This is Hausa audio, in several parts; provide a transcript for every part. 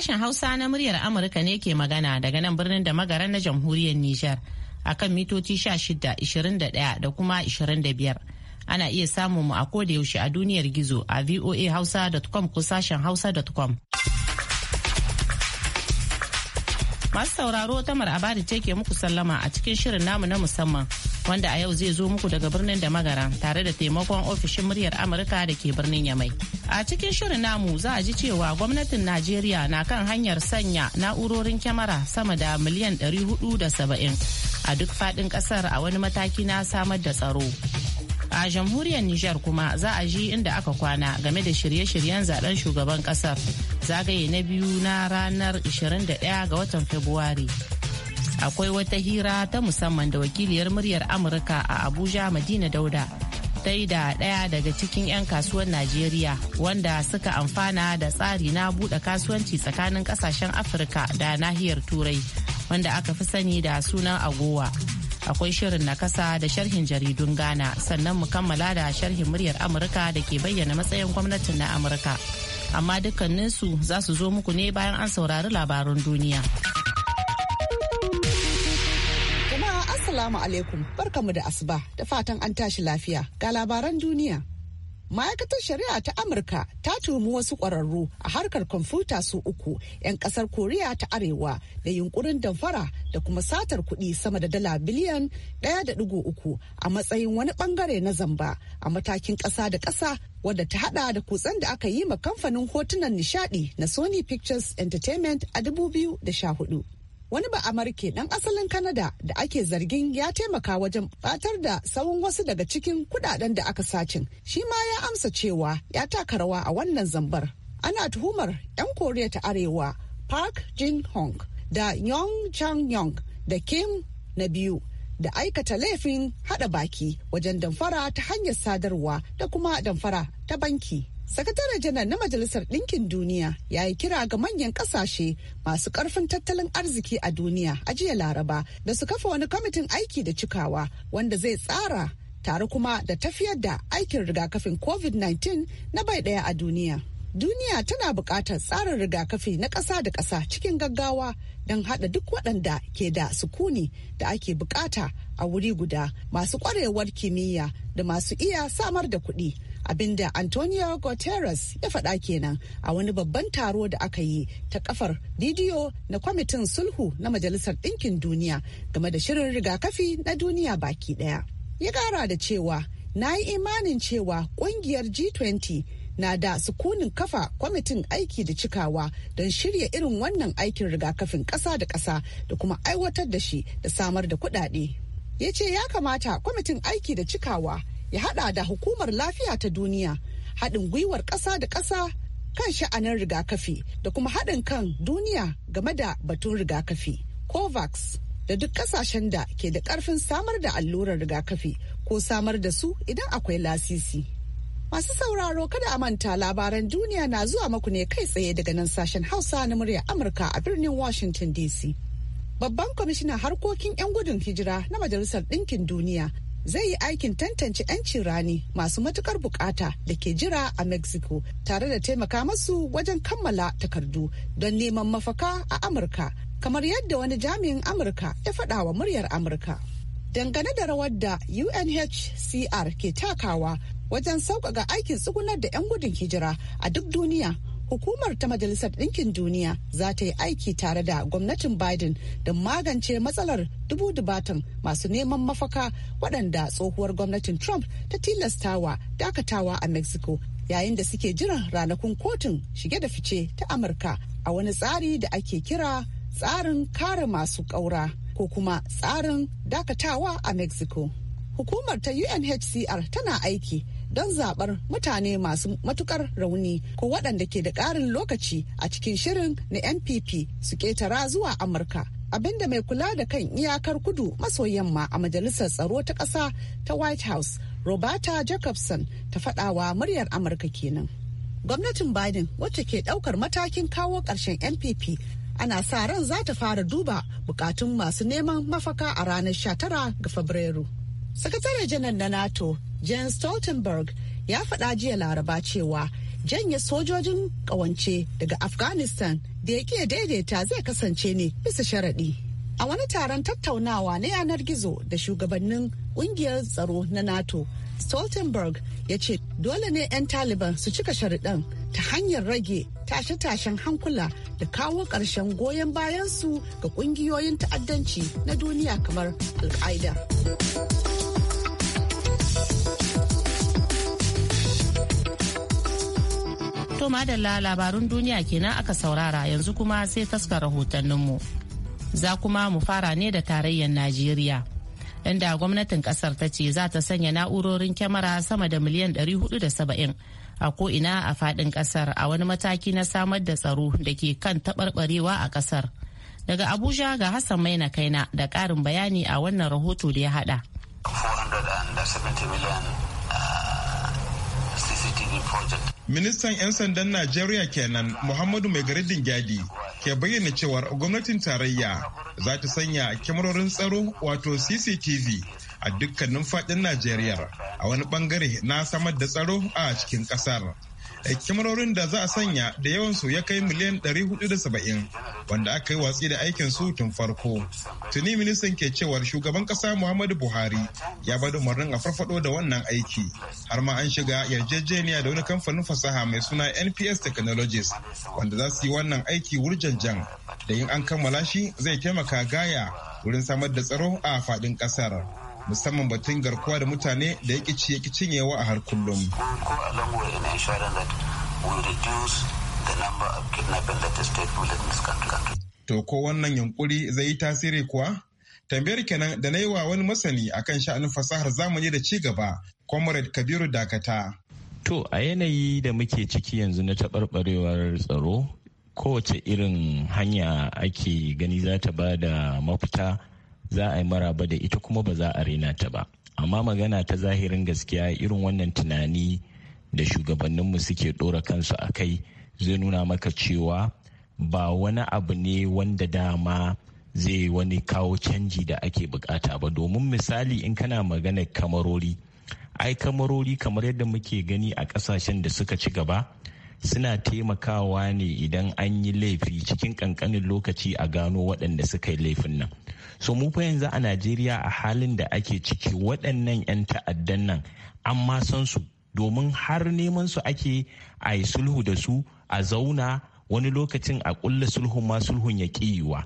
Sashen Hausa na muryar Amurka ne ke magana daga nan birnin da magara na jamhuriyar Nijar akan mitoci 16, 21 da kuma 25. Ana iya samun mu a koda yaushe a duniyar gizo a voa voahausa.com ko sashen hausa.com. Masu sauraro tamar abadi ce ke muku sallama a cikin shirin namu na musamman wanda a yau zai zo muku daga birnin da magara tare da taimakon ofishin muryar Amurka da ke birnin Yamai. A cikin shirin namu za a ji cewa gwamnatin Najeriya na kan hanyar sanya na'urorin kyamara sama da miliyan 470 a duk faɗin ƙasar a wani mataki na samar da tsaro. A jamhuriyar Nijar kuma za a ji inda aka kwana game da shirye-shiryen zaben shugaban ƙasar zagaye na biyu na ranar 21 ga watan Fabrairu. akwai wata hira ta musamman da wakiliyar muryar amurka a abuja madina dauda ta da daya daga cikin 'yan kasuwar najeriya wanda suka amfana da tsari na buɗe kasuwanci tsakanin ƙasashen afirka da nahiyar turai wanda aka fi sani da sunan agowa akwai shirin na kasa da sharhin jaridun ghana sannan mu kammala da sharhin muryar amurka da ke bayyana matsayin gwamnatin na amurka amma dukkaninsu za su zo muku ne bayan an saurari labarun duniya. Assalamu alaikum barkamu da asuba da fatan an tashi lafiya ga labaran duniya. Ma'aikatar Shari'a ta Amurka ta tumi wasu ƙwararru a harkar kwamfuta su uku 'yan ƙasar Koriya ta Arewa da yunkurin damfara da kuma satar kuɗi sama da dala biliyan 1.3 a matsayin wani ɓangare na zamba a matakin ƙasa da ƙasa wadda ta hada da kutsen da aka yi ma kamfanin hotunan nishadi na Sony Pictures Entertainment a 2014. wani ba amurke dan asalin kanada da ake zargin ya taimaka wajen batar da sawun wasu daga cikin kudaden da aka sacin shi ma ya amsa cewa ya taka rawa a wannan zambar ana tuhumar 'yan koriya ta arewa park jin hong da yong chang yong da kim na biyu da aikata laifin hada baki wajen damfara ta hanyar sadarwa da kuma damfara ta banki sakataren janar na majalisar ɗinkin duniya ya yi kira ga manyan ƙasashe masu ƙarfin tattalin arziki a duniya a jiya laraba da su kafa wani kwamitin aiki da cikawa wanda zai tsara tare kuma da tafiyar da aikin rigakafin covid-19 na bai ɗaya a duniya duniya tana bukatar tsarin rigakafi na ƙasa da ƙasa cikin gaggawa don haɗa duk waɗanda ke da sukuni da ake buƙata a wuri guda masu ƙwarewar kimiyya da masu iya samar da kuɗi abinda antonio guterres ya faɗa kenan a wani babban taro da aka yi ta kafar bidiyo na kwamitin sulhu na majalisar ɗinkin duniya game da shirin rigakafi na duniya baki ɗaya ya ƙara da cewa na yi imanin cewa ƙungiyar g20 na da sukunin kafa kwamitin aiki da cikawa don shirya irin wannan aikin rigakafin ƙasa da ƙasa da kuma aiwatar da shi da samar da kuɗaɗe ya ce ya kamata kwamitin aiki da cikawa ya hada da hukumar lafiya ta duniya haɗin gwiwar ƙasa da ƙasa kan sha'anin rigakafi da kuma haɗin kan duniya game da batun rigakafi covax da duk ƙasashen da ke da ƙarfin samar da allurar rigakafi ko samar da su idan akwai lasisi masu sauraro kada a manta labaran duniya na zuwa maku ne kai tsaye daga nan sashen hausa na murya amurka a birnin washington dc babban kwamishinan harkokin 'yan gudun hijira na majalisar ɗinkin duniya zai yi aikin tantance 'yancin rani masu matukar bukata da ke jira a mexico tare da taimaka masu wajen kammala takardu don neman mafaka a amurka kamar yadda wani jami'in amurka ya faɗa wa muryar amurka dangane da rawar da unhcr ke takawa wajen sauƙaƙa aikin tsugunar da 'yan gudun hijira a duk duniya hukumar ta Majalisar Ɗinkin Duniya za ta yi aiki tare da gwamnatin Biden don magance matsalar dubu dubatan masu neman mafaka waɗanda tsohuwar gwamnatin Trump ta tilastawa dakatawa a Mexico yayin da suke jiran ranakun kotun shige da fice ta Amurka a wani tsari da ake kira tsarin kare masu ƙaura ko kuma tsarin dakatawa a Mexico. Hukumar ta UNHCR tana aiki don zaɓar mutane masu matukar rauni ko waɗanda ke da ƙarin lokaci a cikin shirin na npp su ƙetara zuwa amurka abinda mai kula da kan iyakar kudu maso yamma a majalisar tsaro ta ƙasa ta white house roberta jacobson ta faɗawa muryar amurka kenan gwamnatin biden wacce ke ɗaukar matakin kawo ƙarshen npp ana sa ran za ta fara duba bukatun masu neman mafaka a ranar 19 ga fabrairu sakataren janar na nato jan Stoltenberg ya faɗa jiya laraba cewa janye sojojin ƙawance daga Afghanistan da ya daidaita zai kasance ne bisa sharaɗi. A wani taron tattaunawa na yanar gizo da shugabannin ƙungiyar tsaro na NATO, Stoltenberg ya ce dole ne 'yan Taliban su cika sharaɗin ta hanyar rage tashe-tashen hankula da kawo ƙarshen goyon bayansu ga ƙungiyoyin ta'addanci na duniya kamar al To madalla labarun duniya kenan aka saurara yanzu kuma sai taska rahotanninmu. Za kuma mu fara ne da tarayyar Najeriya. Inda gwamnatin kasar ta ce za ta sanya na'urorin kyamara sama da miliyan 470 a ko'ina a fadin kasar a wani mataki na samar da tsaro da ke kan taɓarɓarewa a kasar. Daga Abuja ga Hassan Maina Kaina da ƙarin bayani a wannan rahoto da ya haɗa. 470 million uh, CCTV project. Ministan 'yan sandan Najeriya kenan Muhammadu Mai garidin Gadi ke bayyana cewar gwamnatin tarayya za ta sanya kyamarorin tsaro wato CCTV a dukkanin faɗin Najeriya a wani bangare na samar da tsaro a cikin ƙasar. kyamarorin da za a sanya da yawansu ya kai miliyan 470 wanda aka yi watsi da aikin su tun farko. Tuni ministan ke cewar shugaban kasa Muhammadu Buhari ya bada umarnin a farfado da wannan aiki. Har ma an shiga yarjejeniya da wani kamfanin fasaha mai suna NPS Technologies wanda za su yi wannan aiki wurjanjan da yin an kammala shi zai taimaka gaya wurin samar da tsaro a faɗin ƙasar. musamman batun garkuwa da mutane da ya ci ya cinyewa a har kullum. To ko wannan yunkuri zai yi tasiri kuwa? Tambayar kenan da na yi wa wani masani akan sha'anin fasahar zamani da ci gaba, Comrade Kabiru Dakata. To a yanayi da muke ciki yanzu na taɓarɓarewar tsaro, kowace irin hanya ake gani za ta ba da mafita za a yi maraba da ita kuma ba za a raina ta ba amma magana ta zahirin gaskiya irin wannan tunani da shugabanninmu suke ɗora kansu a kai zai nuna maka cewa ba wani abu ne wanda dama zai wani kawo canji da ake bukata ba domin misali in kana magana kamarori ai kamarori kamar yadda muke gani a ƙasashen da suka ci gaba suna taimakawa ne idan an yi laifi cikin kankanin lokaci a gano waɗanda suka yi laifin nan so mu fa yanzu a najeriya a halin da ake ciki waɗannan 'yan ta'addan nan an ma san su domin har neman su ake a yi sulhu da su a zauna wani lokacin a ƙulla sulhun ma sulhun ya ƙiyuwa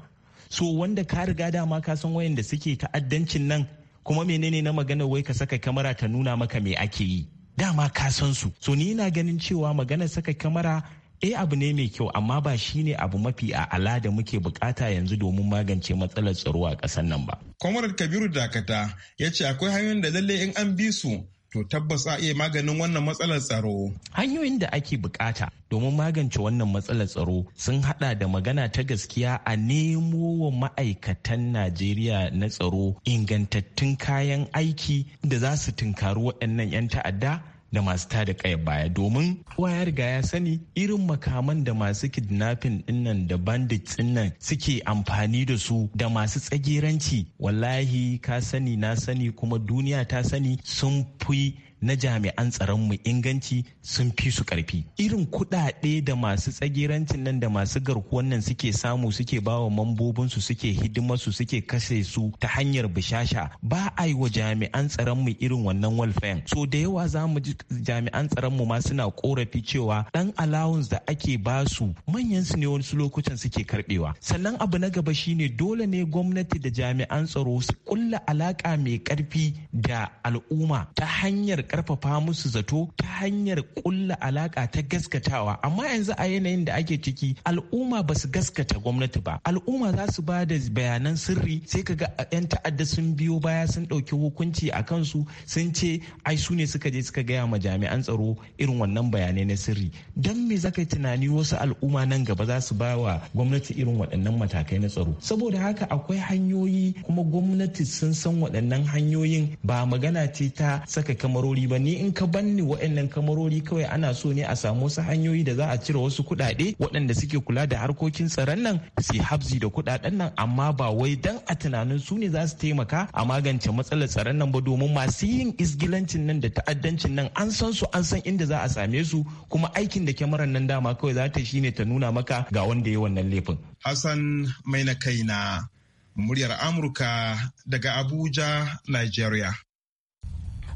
so wanda ka riga dama ka san wayanda suke ta'addancin nan kuma menene na magana wai ka saka kamera ta nuna maka me ake yi dama ka san su so ni na ganin cewa maganar saka kyamara eh abu ne mai kyau amma ba shine abu mafi a ala da muke bukata yanzu domin magance matsalar tsaro a kasan nan ba. Kwamarar Kabiru Dakata ya ce akwai hanyoyin da lalle in an bi su to tabbas a iya maganin wannan matsalar tsaro. Hanyoyin da ake bukata domin magance wannan matsalar tsaro sun hada da magana ta gaskiya a nemo wa ma'aikatan Najeriya na tsaro ingantattun kayan aiki da za su tunkari waɗannan 'yan ta'adda da masu tada kai baya domin kowa ya riga ya sani irin makaman da masu kidnapping dinnan da bandits dinnan suke amfani da su da masu tsagiranci wallahi ka sani na sani kuma duniya ta sani sun fi na jami'an tsaron mu inganci sun fi su karfi irin kuɗaɗe da masu tsagirancin nan da masu garkuwan nan suke samu suke bawa mambobinsu suke hidimar su suke kashe su ta hanyar bishasha ba a yi wa jami'an tsaron irin wannan welfare so da yawa za mu ji jami'an tsaron mu ma suna korafi cewa dan allowance da ake ba su manyan su ne wasu lokutan suke karbewa sannan abu na gaba shine dole ne gwamnati da jami'an tsaro su kulla alaka mai karfi da al'umma ta hanyar karfafa musu zato ta hanyar kulla alaka ta gaskatawa amma yanzu a yanayin da ake ciki al'umma ba su gaskata gwamnati ba al'umma za su ba da bayanan sirri sai ka ga 'yan ta'adda sun biyo baya sun ɗauki hukunci a kansu sun ce ai su ne suka je suka gaya ma jami'an tsaro irin wannan bayanai na sirri don me zaka yi tunani wasu al'umma nan gaba za su ba wa gwamnati irin waɗannan matakai na tsaro saboda haka akwai hanyoyi kuma gwamnati sun san waɗannan hanyoyin ba magana ce ta saka kamarori kamarori ba ni in ka banni waɗannan kamarori kawai ana so ne a samu wasu hanyoyi da za a cire wasu kuɗaɗe waɗanda suke kula da harkokin tsaron nan su habzi da kuɗaɗen nan amma ba wai dan a tunanin su ne za su taimaka a magance matsalar tsaron nan ba domin masu yin isgilancin nan da ta'addancin nan an san su an san inda za a same su kuma aikin da kyamarar nan dama kawai za ta shi ne ta nuna maka ga wanda ya wannan laifin. Hassan mai na kai na muryar Amurka daga Abuja, Nigeria.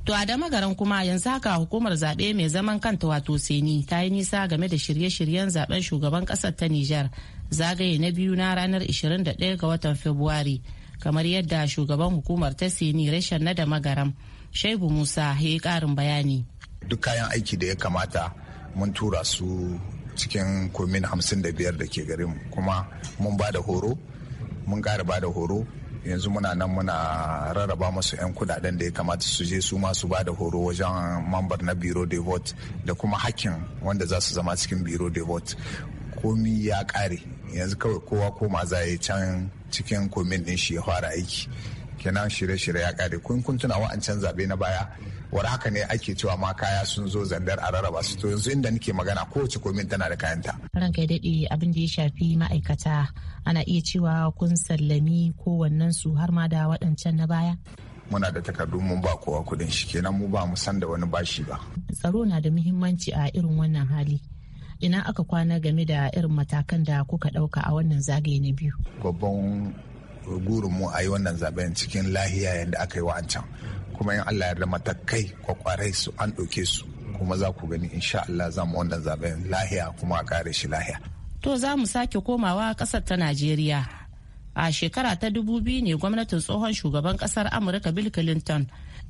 To a garan kuma yanzu haka hukumar zaɓe mai zaman kanta wato Seni ta yi nisa game da shirye-shiryen zaben shugaban ƙasar ta Nijar zagaye na biyu na ranar 21 ga watan Fabrairu kamar yadda shugaban hukumar ta Seni reshen na da magaram Shaibu Musa ya yi ƙarin bayani. Duk kayan aiki da ya kamata mun tura su cikin kurmin 55 da ke garin kuma mun ba da horo mun ƙara ba da horo yanzu muna nan muna rarraba masu 'yan kudaden da ya kamata su je su masu ba da horo wajen mambar na biro de vote da kuma hakkin wanda za su zama cikin biro de vote komi ya kare yanzu kawai kowa koma za ya can cikin komin din shi ya fara aiki kenan shirye-shirye ya kare kun kun tuna wa'ancan zabe na baya war haka ne ake cewa ma kaya sun zo zandar a rarraba su to yanzu inda nake magana kowace komin tana da kayanta kai daɗe abin da ya shafi ma'aikata ana iya cewa kun sallami kowannen su har ma da waɗancan na baya muna da takardu mun ba kowa kuɗin shi kenan mu ba mu san da wani bashi ba tsaro na da muhimmanci a irin wannan hali ina aka kwana game da irin matakan da kuka ɗauka a wannan zagaye na biyu babban gurin mu a yi wannan zaben cikin lahiya yadda aka yi wa'ancan kuma in allah yarda matakai kwakwarai su an ɗauke su kuma za ku gani insha allah za mu wannan zaben lahiya kuma a kare shi lahiya to za mu sake komawa ƙasar ta najeriya a shekara ta dubu biyu ne gwamnatin tsohon shugaban ƙasar amurka bill clinton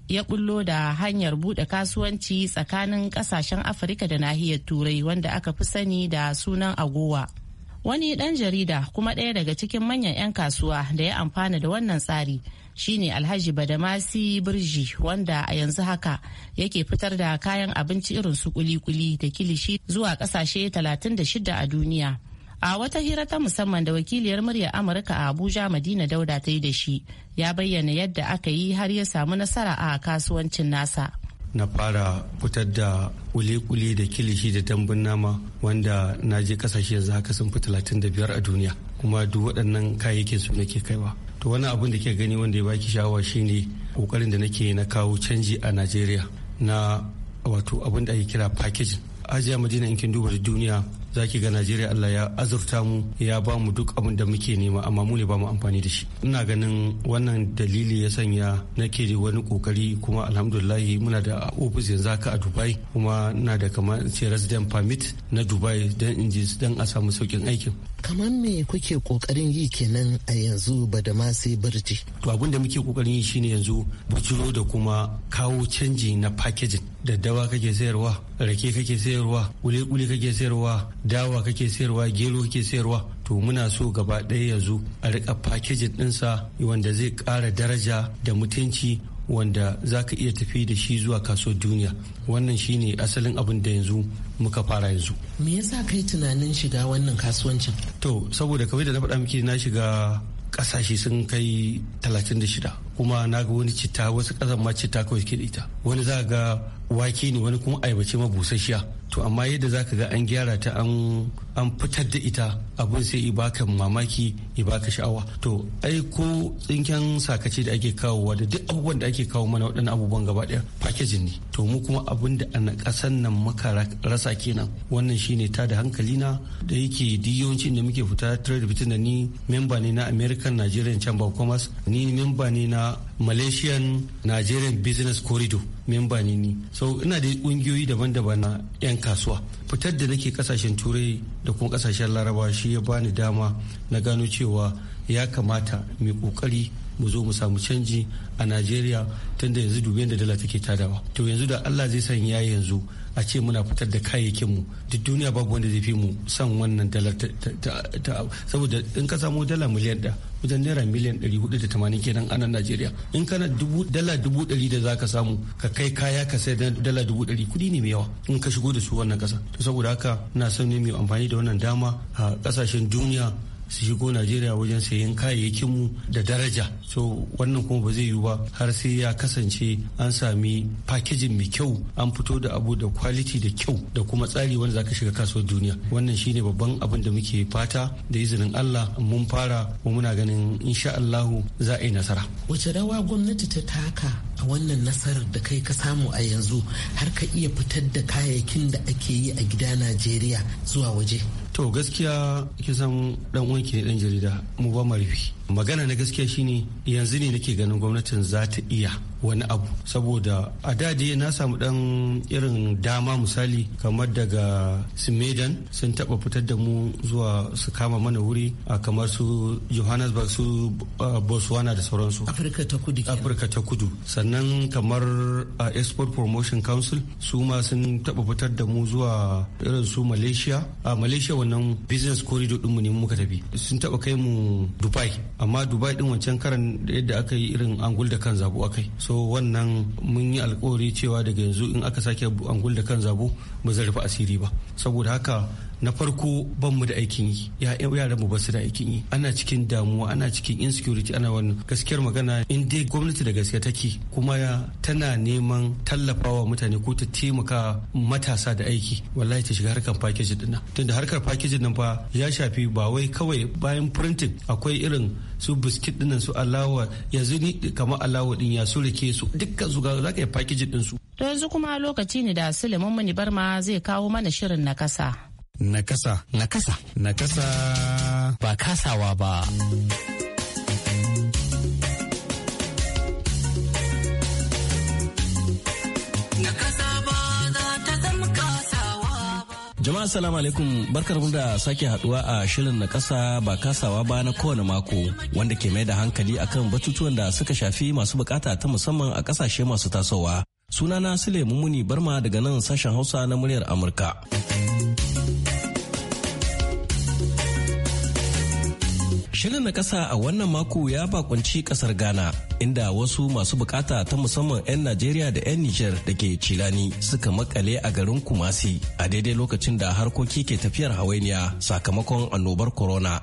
ya bullo da hanyar bude kasuwanci tsakanin ƙasashen afirka da nahiyar turai wanda aka fi sani da sunan agowa Wani ɗan jarida kuma ɗaya daga cikin manyan 'yan kasuwa da ya amfana da wannan tsari shine Alhaji Badamasi Birji wanda a yanzu haka yake fitar da kayan abinci irin su kuli-kuli da kilishi zuwa ƙasashe 36 a duniya. A wata hira ta musamman da wakiliyar muryar Amurka a Abuja Madina Dauda ta yi da shi ya bayyana yadda aka yi har ya samu nasara a kasuwancin nasa. na fara fitar da kule-kule da kilishi da dambun nama wanda na je kasashe yanzu haka sun fi 35 a duniya kuma duk waɗannan kayayyakin su nake kaiwa to wani abin da ke gani wanda ya baki sha'awa shine kokarin da nake na kawo canji a najeriya na wato abin da ake kira packaging ajiya madina in kin duba da duniya zaki ga najeriya allah ya azurta mu ya ba mu duk abin da muke nema amma mu ne ba mu amfani da shi ina ganin wannan dalili ya sanya nake da wani kokari kuma alhamdulillahi muna da ofis yanzu haka a dubai kuma na da kamar ce resident permit na dubai don in ji don a samu saukin aikin kamar me kuke kokarin yi kenan a yanzu ba da ma sai birji to abin da muke kokarin yi shine yanzu bujiro da kuma kawo canji na packaging daddawa kake sayarwa rake kake sayarwa kule-kule kake sayarwa dawa kake sayarwa gero kake sayarwa to muna so gaba ɗaya yanzu a rika packaging ɗinsa wanda zai ƙara daraja da mutunci wanda za ka iya tafi da shi zuwa kasuwar duniya wannan shine asalin abin da yanzu muka fara yanzu me yasa kai tunanin shiga wannan kasuwancin to saboda kawai da na faɗa miki na shiga kasashe sun kai 36 kuma na ga wani citta wasu kasan ma citta kawai ke ita wani za ga wake ne wani kuma aibace ma busasshiya to amma yadda za ka ga an gyara ta an an fitar da ita abin sai i baka mamaki i baka sha'awa to ai ko tsinken sakaci da ake kawowa da duk abubuwan da ake kawo mana waɗannan abubuwan gaba ɗaya packaging ne to mu kuma abin da a ƙasan nan muka rasa kenan wannan shine ta da hankali na da yake diyoncin da muke fita trade between ni memba ne na American Nigerian Chamber of Commerce ni memba ne na Malaysian Nigerian Business Corridor memba ne ni so ina da kungiyoyi daban-daban na 'yan kasuwa fitar da nake kasashen turai da kuma kasashen laraba shi ya bani dama na gano cewa ya kamata mai kokari mu zo mu samu canji a najeriya tunda yanzu dubi da dala take tadawa to yanzu da allah zai sanya yanzu a ce muna fitar da kayayyakin mu duk duniya babu wanda zai fi mu san wannan dalar ta saboda in ka samu dala miliyan da wajen naira miliyan 480 kenan a nan Najeriya in kana dubu dala dubu ɗari da zaka samu ka kai kaya ka sai dala dubu ɗari kuɗi ne mai yawa in ka shigo da su wannan ƙasa to saboda haka ina son ne mai amfani da wannan dama a ƙasashen duniya su shigo najeriya wajen sayen kayayyakin mu da daraja so wannan kuma ba zai yiwu ba har sai ya kasance an sami fakejin mai kyau an fito da abu da kwaliti da kyau da kuma tsari wanda zaka shiga kasuwar duniya wannan shine babban abin da muke fata da izinin allah mun fara kuma muna ganin insha allahu za a yi nasara wace rawa gwamnati ta taka a wannan nasarar da kai ka samu a yanzu har ka iya fitar da kayayyakin da ake yi a gida najeriya zuwa waje to gaskiya kisan san dan ki ne dan jarida mu ba rufi magana na gaskiya shine yanzu ne nake ganin gwamnatin za ta iya wani abu saboda a dadi na samu dan irin dama misali kamar daga simedan sun taba fitar da mu zuwa su kama mana wuri a kamar su johannesburg su botswana da sauransu afirka ta kudu afirka ta kudu sannan kamar a export promotion council su ma sun taba fitar da mu zuwa irin su malaysia a malaysia wannan business corridor din mu ne muka tafi sun taba kai mu dubai amma dubai din wancan karan yadda aka yi irin angul da kan zabu akai so wannan mun yi alkawari cewa daga yanzu in aka sake angul da kan zabo ba zai rufe asiri ba saboda haka na farko ban mu da aikin yi ya yaran mu ba su da aikin yi ana cikin damuwa ana cikin insecurity ana wannan gaskiyar magana in dai gwamnati da gaske take kuma tana neman tallafawa mutane ko ta taimaka matasa da aiki wallahi ta shiga harkar package din nan tunda harkar package nan fa ya shafi ba wai kawai bayan printing akwai irin su biskit dinnan su alawa yanzu ni kamar alawa din ya su rike su dukkan su ga zaka yi package din su to yanzu kuma lokaci ne da Suleiman Mani Barma zai kawo mana shirin na kasa Nakasa. Nakasa. Nakasa. Ba kasawa ba. Jama'a salamu alaikum barkar da sake haduwa a shirin na kasa ba kasawa ba na kowane mako wanda ke mai da hankali akan batutuwan da suka shafi masu bukata ta musamman a kasashe masu tasowa. Sunana Sule Mumuni Barma daga nan sashen Hausa na muryar Amurka. Shirin na ƙasa a wannan mako ya bakunci ƙasar Ghana, inda wasu masu bukata ta musamman 'yan Najeriya da 'yan Nijar da ke Cilani suka makale a garin Kumasi a daidai lokacin da harkoki ke tafiyar hawainiya sakamakon annobar corona.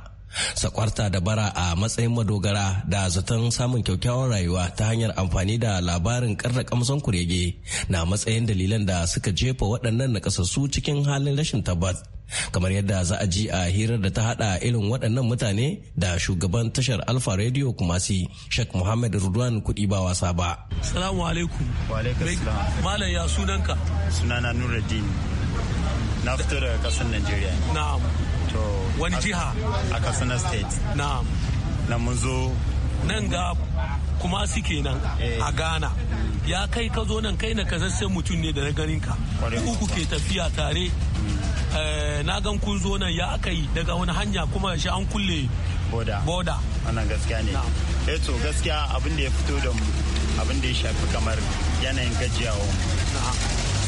sakwarta da bara a matsayin madogara da zaton samun kyaukyawan rayuwa ta hanyar amfani da labarin karra kamson kurege na matsayin dalilan da suka jefa waɗannan nakasassu cikin halin rashin tabbat kamar yadda za a ji a hirar da ta hada irin waɗannan mutane da shugaban tashar alfa radio kumasi shek muhammad rudwan kuɗi ba wasa ba salamu alaikum malam ya sunanka sunana nuruddin na fito daga ƙasar nigeria. na'am to wani jiha a kasar state na'am na mun zo nan ga kumasi kenan eh. a ghana ya kai ka zo nan kai na kasashen mutum ne da na ganin ka uku ke tafiya tare Eh, na gan kun zo nan ya aka yi daga wani hanya kuma shi an kulle boda boda wannan gaskiya ne eh to gaskiya abin da ya fito da mu abin da ya shafi kamar yanayin gajiyawa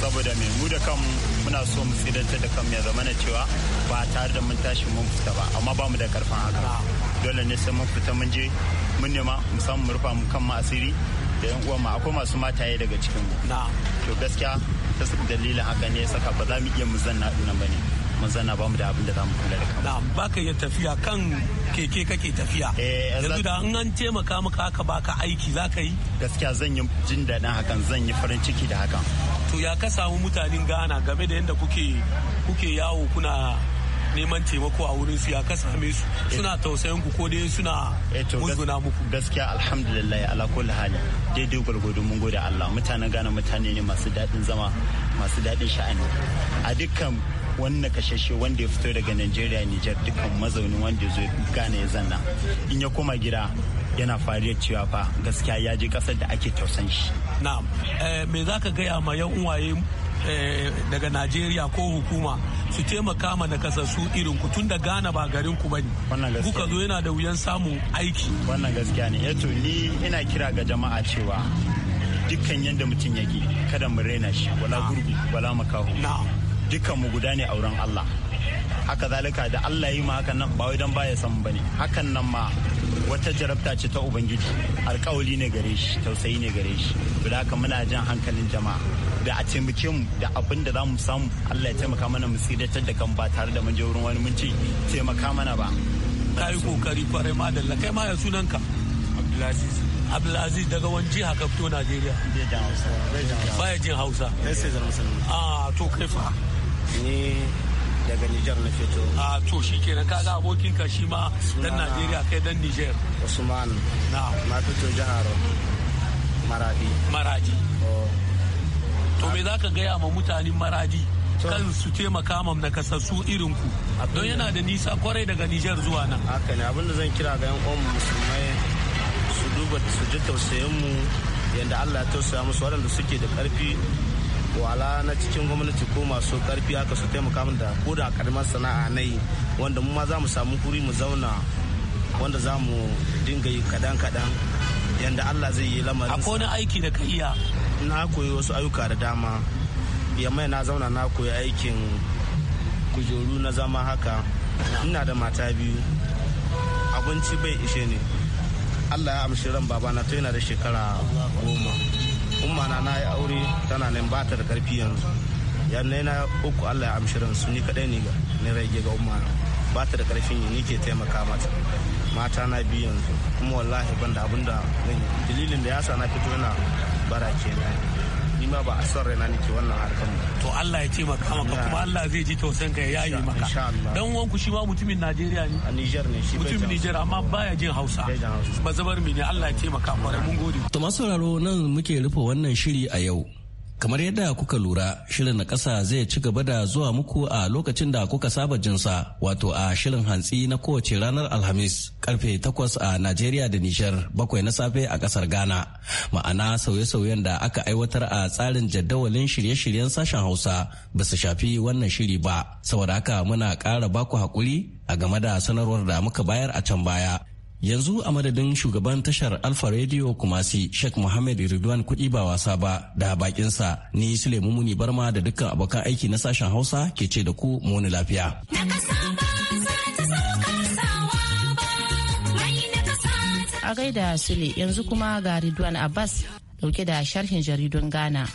saboda mai mu da kanmu muna so mu tsidanta da kanmu ya zama na cewa ba tare da mun tashi mun fita ba amma ba mu da karfin haka dole ne sai mun fita mun je mun nema mu mu rufa mu kanmu asiri da yan uwan mu akwai masu mataye daga cikin mu to gaskiya ta dalilin haka ne ya saka ba za mu iya mu zanna ɗin ba ne mu zanna ba mu da abin da za mu kula da kama. ba ka iya tafiya kan keke kake tafiya. Eh, yanzu da an an taimaka maka haka ba ka aiki za ka yi. gaskiya zan yi jin daɗin hakan zan yi farin ciki da hakan. to ya ka samu mutanen Ghana game da yadda kuke kuke yawo kuna neman taimako a wurin su ya kasa su suna tausayin ku ko dai suna eh, musguna muku gaskiya alhamdulillah ala kulli hali daidai gwargwado mun gode Allah mutanen mutane ne masu daɗin zama masu daɗin sha'ani a dukkan wannan kashashe wanda ya fito daga Najeriya Nijar dukkan mazaunin wanda ya zo Ghana ya zanna in ya koma gida yana fariya cewa fa gaskiya ya je kasar da ake tausan shi. Na'am, eh, me zaka ka gaya ma yan uwaye Eh, daga najeriya ko hukuma su taimaka ma nakasassu irin ku tun da gana ba garin ku bane kuka zo yana da wuyan samun aiki wannan gaskiya ne yato eh ni ina kira ga jama'a cewa dukkan yadda mutum yake kada mu raina shi wala gurbi wala makaho dukkan mu guda ne auren Allah haka zalika da Allah yi ma hakan nan ba wai dan baya san bane hakan nan ma wata jarabta ce ta ubangiji alkawali ne gare shi tausayi ne gare shi to da haka muna jan hankalin jama'a da a taimake mu da abin da za mu samu Allah ya taimaka mana mu sidatar da kan ba tare da mun wurin wani mun taimaka mana ba ka yi kokari kwarai madalla kai ma ya sunanka abdulaziz abdulaziz daga wani jiha ka fito najeriya baya jin hausa a ah, to kai fa daga Nijar na fito. A to shi kenan ga abokin ka shi ma dan Najeriya kai dan Nijar. Usman. Na. Na fito jihar Maradi. Maradi. Oh. To me za ka gaya ma mutanen Maradi? kan su taimaka ma da kasassu irin ku don yana da nisa kwarai daga Nijar zuwa nan. Haka ne abinda zan kira ga yan uwan musulmai su duba su ji tausayin mu yadda Allah ya tausaya musu waɗanda suke da ƙarfi wala na cikin gwamnati ko masu karfi haka su taimaka min da ko da karamar sana'a na yi wanda mu ma za mu samu kuri mu zauna wanda za mu dinga yi kadan-kadan yadda Allah zai yi lamarin. Akwai wani aiki da ka iya? Na koyi wasu ayyuka da dama. Yamma na zauna na koyi aikin kujeru na zama haka. Ina da mata biyu. Abinci bai ishe ne. Allah ya amshi ran babana to yana da shekara goma. umma na na yi aure tana nan ba ta da karfi yanzu ya na uku allah ya amshirin su ni kaɗai ne ni rage ga umma na ba ta da karfin yi ni ke taimaka mata mata na biyu yanzu kuma wallahi ban da abun da zan yi dalilin da ya sa na fito yana bara kenan ma ba a son raina nake wannan harkar mu. to Allah ya taimaka maka kuma Allah zai ji tausayin ka ya yi maka dan uwan ku shi ma mutumin Najeriya ne a Niger ne shi mutumin Niger amma baya jin Hausa ba zabar ne Allah ya taimaka kwarai mun gode to masu sauraro nan muke rufe wannan shiri a yau Kamar yadda kuka lura, shirin na ƙasa zai ci gaba da zuwa muku a lokacin da kuka saba jinsa, wato a shirin hantsi na kowace ranar Alhamis, karfe takwas a Najeriya da Nishar, bakwai na safe a ƙasar Ghana. Ma'ana sauye-sauyen da aka aiwatar a tsarin jadawalin shirye-shiryen sashen Hausa ba su shafi wannan shiri ba. Saboda haka muna ƙara baku haƙuri a game da sanarwar da muka bayar a can baya. yanzu a madadin shugaban tashar alfa radio kumasi sheikh muhammad ridwan kudi ba wasa ba da bakinsa ni sulaimu muni barma da dukkan abokan aiki na sashen hausa ke ce da ku muni lafiya a gaida sule yanzu kuma ga ridwan abbas dauke da sharhin jaridun ghana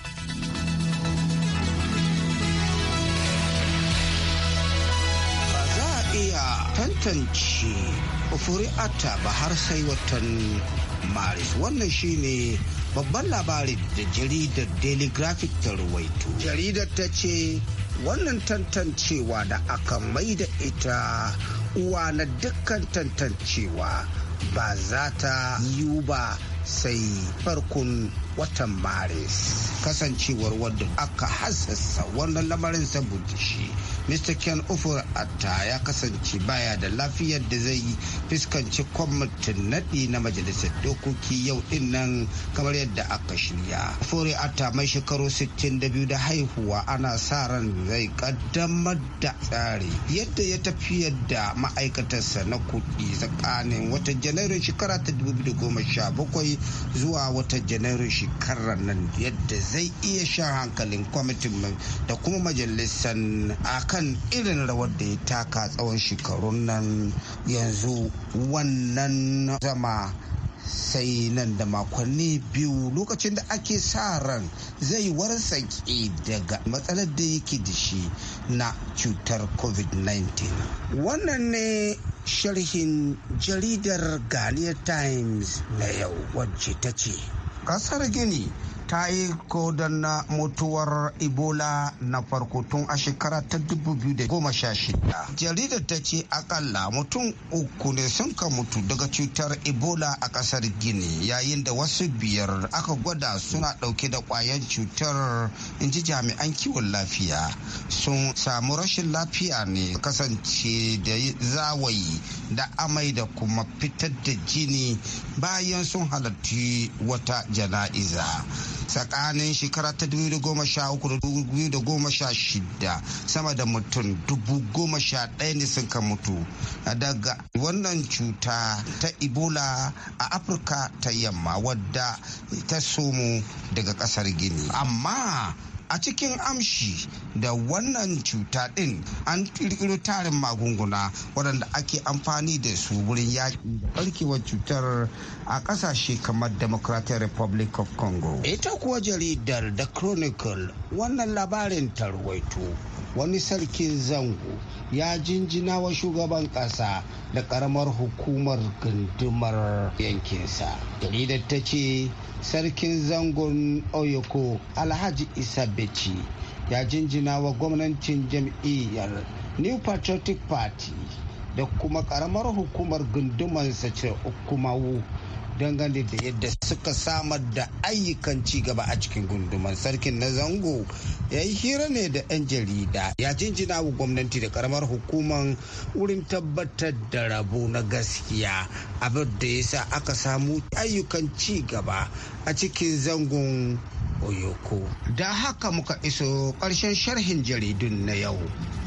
tantance furi'ata ba har sai watan maris wannan shine babban labarin da jaridar daily graphic ta ruwaito jaridar ta ce wannan tantancewa da aka mai da ita uwa na dukkan tantancewa ba za ta yiwu ba sai farkon watan maris kasancewar wadda aka hassasa wannan lamarin saboda shi mr ken ufur atta ya kasance baya da lafiyar da zai fuskanci kwamitin nadi na majalisar dokoki yau din nan kamar yadda aka shirya ofur atta mai shekaru 62 da haihuwa ana sa ran zai kaddamar da tsari yadda ya tafiyar da ma'aikatarsa na kuɗi tsakanin watan janairun shekara ta 2017 zuwa wata janairu shekarar nan yadda zai iya shan hankalin kwamitin da kuma majalisar akan irin rawar da ya taka tsawon shekarun nan yanzu wannan zama sai nan da makonni biyu lokacin da ake sa ran zai warsaki daga matsalar da yake da shi na cutar covid-19 wannan ne sharhin jaridar Ghanaian Times na yau wacce ta ce, Kasar Gini ta yi kodon mutuwar ebola na farko tun a shekara ta goma sha shida. jaridar ta ce akalla mutum uku ne sun ka mutu daga cutar ebola a kasar gini yayin da wasu biyar aka gwada suna dauke da kwayan cutar in ji jami'an kiwon lafiya sun samu rashin lafiya ne kasance da zawayi da amai da kuma fitar da jini bayan sun halarci wata jana'iza. tsakanin shekara ta 2013 da 2016 sama da mutum 11,000 ne sun ka mutu daga wannan cuta ta ebola a afirka ta yamma wadda ta somo daga kasar gini amma a cikin amshi da wannan cuta ɗin an ƙirƙiro tarin magunguna waɗanda ake amfani da su wurin yaƙi da ɓarkewar cutar a ƙasashe kamar democratic republic of congo ita kuwa jaridar the chronicle wannan labarin tarwaito wani sarkin zango ya jinjina wa shugaban ƙasa da ƙaramar hukumar gundumar yankinsa jaridar ta ce sarkin zangon oyoko alhaji isa Bechi ya jinjina wa gwamnatin jam'iyyar new patriotic party da kuma ƙaramar hukumar gundumarsa ce ukumawu dangane da yadda suka samar da ayyukan cigaba a cikin gunduman sarkin na zango ya yi hira ne da 'yan jarida ya jinjina wa gwamnati da karamar hukuman wurin tabbatar da rabo na gaskiya abin da ya sa aka samu ayyukan cigaba a cikin zangon oyoko da haka muka iso ƙarshen sharhin jaridun na yau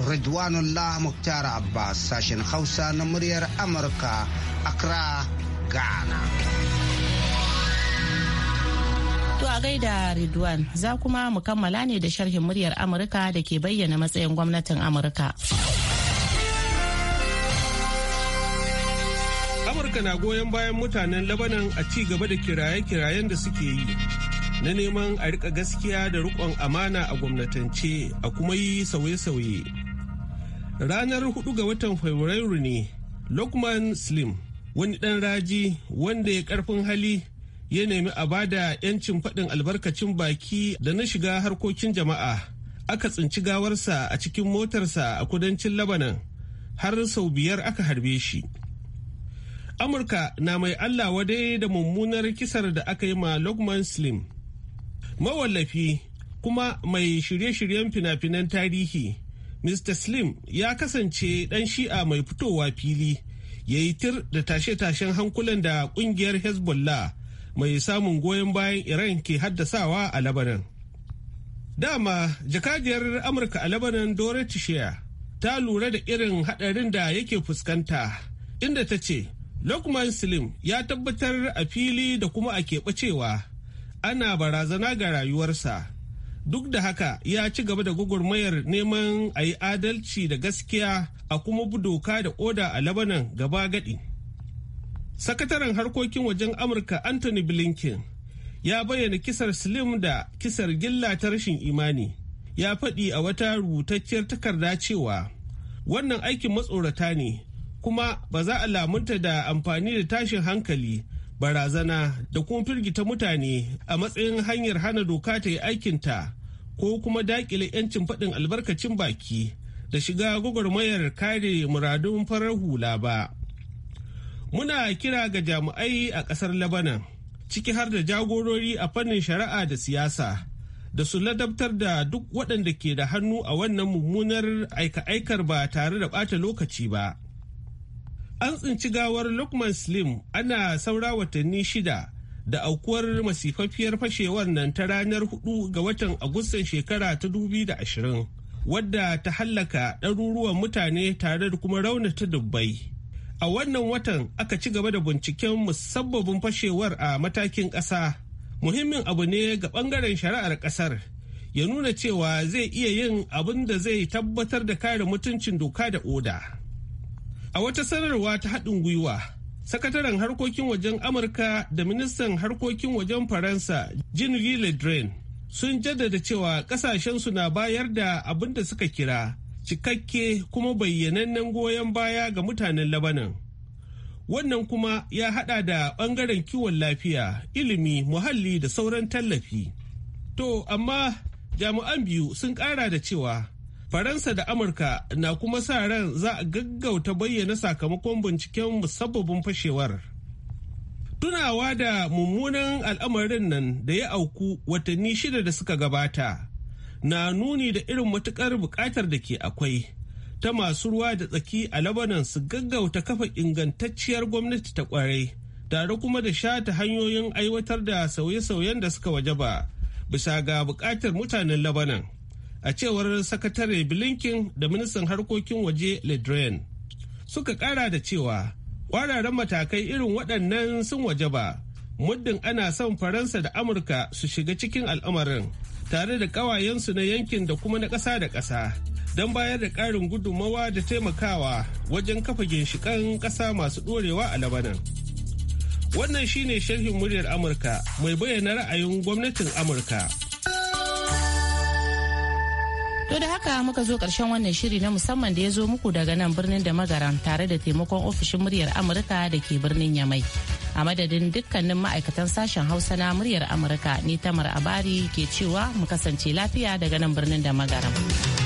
ridwanullah muktar abbas sashen hausa na muryar amurka accra Ghana. To a gaida Ridwan za kuma mu kammala ne da sharhin muryar Amurka da ke bayyana matsayin gwamnatin Amurka. Amurka na goyon bayan mutanen Labanan a ci gaba da kiraye-kirayen da suke yi. na neman a rika gaskiya da rikon amana a gwamnatance a kuma yi sauye-sauye. Ranar 4 ga watan Fabrairu ne Lokman Slim wani ɗan raji wanda ya ƙarfin hali ya nemi a bada 'yancin faɗin albarkacin baki da na shiga harkokin jama'a aka tsinci gawarsa a cikin motarsa a kudancin labanan har sau biyar aka harbe shi amurka na mai allah wadai da mummunar kisar da aka yi ma logman slim mawallafi kuma mai shirye-shiryen fina-finan tarihi mr slim ya kasance ɗan shi'a mai fitowa fili ya yi tir da tashe-tashen hankulan da kungiyar hezbollah mai samun goyon bayan iran ke haddasawa a labanan dama jakadiyar amurka a labanan dorothy shea ta lura da irin hadarin da yake fuskanta inda ta ce lokman slim ya tabbatar a fili da kuma a keɓe cewa ana barazana ga rayuwarsa duk da haka ya ci gaba da gwagwarmayar neman a yi adalci da gaskiya a kuma doka da oda a labanan gaba gadi sakataren harkokin wajen amurka anthony blinken ya bayyana kisar slim da kisar gilla ta rashin imani ya faɗi a wata rubutacciyar takarda cewa wannan aikin matsorata ne kuma ba za a lamunta da amfani da tashin hankali barazana da kuma firgita mutane a matsayin hanyar hana doka ta yi aikinta ko kuma dakile 'yancin faɗin albarkacin baki da shiga gwagwarmayar kare muradun farar hula ba. Muna kira ga jami'ai a ƙasar Labanan, ciki har da jagorori a fannin shari'a da siyasa, da su ladabtar da duk waɗanda ke da hannu a wannan mummunar aika-aikar ba tare da ɓata lokaci ba. an tsinci gawar lukman slim ana saura watanni shida da aukuwar masifafiyar fashewar nan ta ranar hudu ga watan agustan shekara ta 2020 wadda ta hallaka ɗaruruwan mutane tare da kuma raunata dubbai a wannan watan aka ci gaba da binciken musabbabin fashewar a matakin ƙasa muhimmin abu ne ga ɓangaren shari'ar ƙasar ya nuna cewa zai iya yin abin da zai tabbatar da kare mutuncin doka da oda. A wata sanarwa ta haɗin gwiwa, sakataren harkokin wajen Amurka da ministan harkokin wajen Faransa jean Le Drain sun jaddada cewa ƙasashensu na bayar da abin da suka kira cikakke kuma bayyanannen goyon baya ga mutanen Labanan. Wannan kuma ya haɗa da ɓangaren kiwon lafiya, ilimi, muhalli da sauran tallafi. To, amma jami'an biyu sun ƙara da cewa Faransa da Amurka na kuma sa ran za a gaggauta bayyana sakamakon binciken musabbabin fashewar. Tunawa da mummunan al'amarin nan da ya auku watanni shida da suka gabata na nuni da irin matukar bukatar da ke akwai ta masu ruwa da tsaki a Labanan su gaggauta kafa ingantacciyar gwamnati ta kwarai tare kuma da shata hanyoyin aiwatar da sauye-sauyen da suka wajaba bisa ga bukatar mutanen Labanan. a cewar sakatare bilinkin da ministan harkokin waje ledren suka kara da cewa kwararren matakai irin waɗannan sun waje ba muddin ana son faransa da amurka su shiga cikin al'amarin tare da ƙawayensu na yankin da kuma na ƙasa da ƙasa don bayar da ƙarin gudummawa da taimakawa wajen kafa ginshiƙan ƙasa masu ɗorewa a labanan wannan shine sharhin muryar amurka mai bayyana ra'ayin gwamnatin amurka. To da haka muka zo ƙarshen wannan shiri na musamman da ya zo muku daga nan birnin da magaran tare da taimakon ofishin muryar Amurka da ke birnin Yamai. A madadin dukkanin ma'aikatan sashen Hausa na muryar Amurka ni Tamar Abari ke cewa mu kasance lafiya daga nan birnin da magaran.